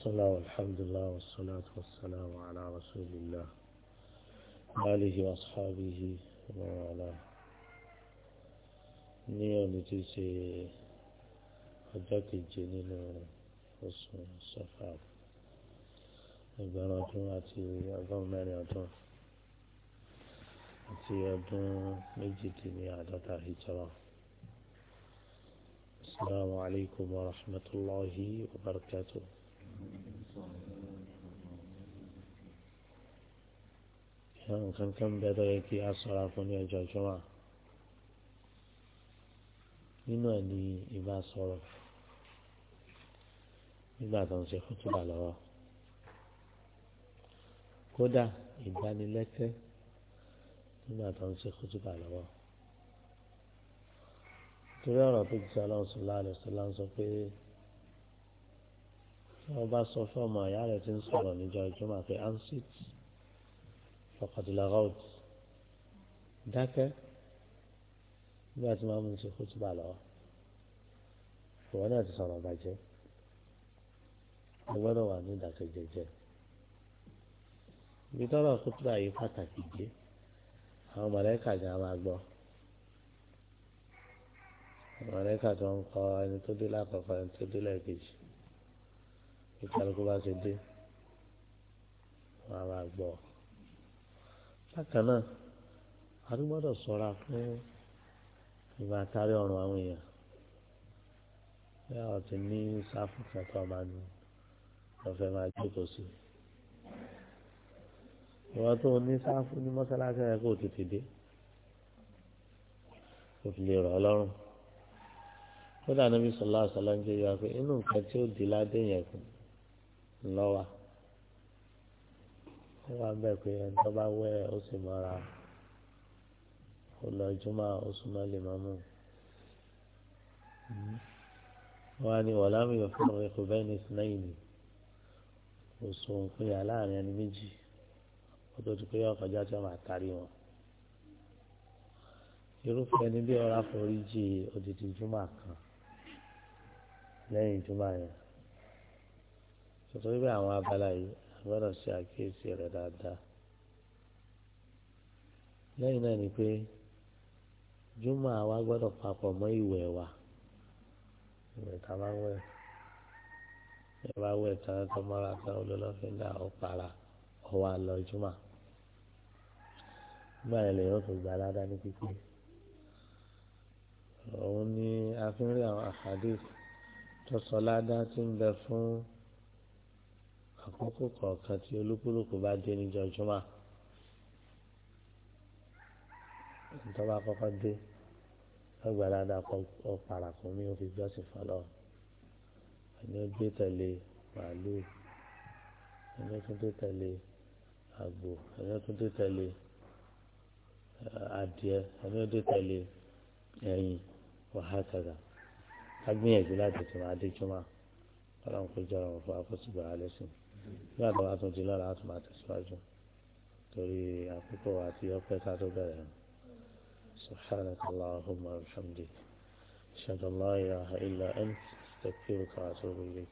بسم والحمد لله والصلاة والسلام على رسول الله آله وأصحابه وعلى نيو نتيسي حجات الجنين وصف الصفاء إبراهيم أتي أظن ماني أظن أتي أظن مجدني على هجرة السلام عليكم ورحمة الله وبركاته àwọn kankan bẹ́ẹ̀ tó yẹ kí a ṣọ́ra fún ní ọjọ́ ìjọba nínú ẹ̀ ní ìbá sọ̀rọ̀ nígbà tó ń ṣe kútùbà lọ́wọ́ kódà ìdánilẹ́tẹ́ nígbà tó ń ṣe kútùbà lọ́wọ́ torí ọ̀rọ̀ tó ti sọ aláwọ̀ sọ̀lá àlẹ́ sọ̀lá ń pé wọ́n bá sọ fún ọmọ ìyá rẹ̀ tí ń sọ̀rọ̀ níjọ́ ìjọba pé ansit fọkàtìláhàut dákẹ́ nígbà tí màmú ti kú túbà lọ́wọ́ ìwọ náà ti sọ̀rọ̀ bàjẹ́ ọgbọ́dọ̀ wà ní ìdàkẹ́jẹjẹ ibi tọ́rọ̀ kútúbà yìí pàtàkì dé àwọn mọ̀lẹ́kà gan máa gbọ́ mọ̀lẹ́kà tó ń kọ́ ẹni tó dé lákọ̀ọ́kọ́ ẹni tó dé lẹ́ẹ̀kejì ìkàlùkù bá ṣe dé wọn máa gbọ́. bákan náà a tún gbọ́dọ̀ ṣọ́ra fún ìgbà àtàrí ọ̀rùn àwọn èèyàn bí àwọn ti ní sáfù kẹta ọba ni wọ́n fẹ́ máa jókòó sí i ìwọ́n tó ní sáfù ní mọ́sálásí ẹ̀ kó tètè dé kó fi lè rọ̀ ọ́ lọ́rùn kódà níbi sọlá sọlá ń jẹ́ pé inú nǹkan tí ó di ládé yẹn kù. ńlọ́wà ó wà bẹ́ẹ̀ pé ẹni tó bá wẹ̀ ó sì mọ́ra ma lọ jùmọ̀ ó súnmọ́ lè máa mú na ni so láàrin ẹni méjì ó tó ti pé ọkọjá tí wọn máa kárí wọn irúfẹ́ bí forí jì odidi kan lẹ́yìn yẹn. nítorí pé àwọn abala yìí a gbọ́dọ̀ ṣe àkíyèsí rẹ̀ dáadáa lẹ́yìn náà ni pé júmọ̀ àwa gbọ́dọ̀ papọ̀ mọ́ ìwẹ̀ wa ìwẹ̀ tá a máa ń wẹ̀ ẹ bá wẹ̀ tán tó mọ́ra tán olólọ́fẹ́ náà ó para ọwọ́ àlọ́ júmọ̀ nígbà yẹn lèyìn tó gba aládá ní pípé òun ni a fi ń rí àwọn àhàdí tó sọ ládá tí ń bẹ fún àkókò kọ̀ọ̀kan tí olúkúlùkù bá dé níjọ́ jùmọ̀ tó bá kọ́kọ́ dé lọ́gbàládà kọ́ parakùn mi ò fi jọ́sìn fọlọ́ ẹni ó gbé tẹ̀lé màálùú ẹni ó tún tó tẹ̀lé àgbò ẹni ó tún tó tẹ̀lé eh, adìẹ ẹni ó tó tẹ̀lé ẹyin wàhákàdà agbẹ́yẹ̀dì láti tún adé ọlọ́run kò jọra wọn fún akọ́sùgbà alẹ́ sùn nígbà tó bá tún ti lọ́la á tún máa tẹ̀síwájú torí àkókò àti ọpẹ́ ká tó bẹ̀rẹ̀ سبحانك اللهم وبحمدك أشهد أن لا إله إلا أنت أستغفرك وأتوب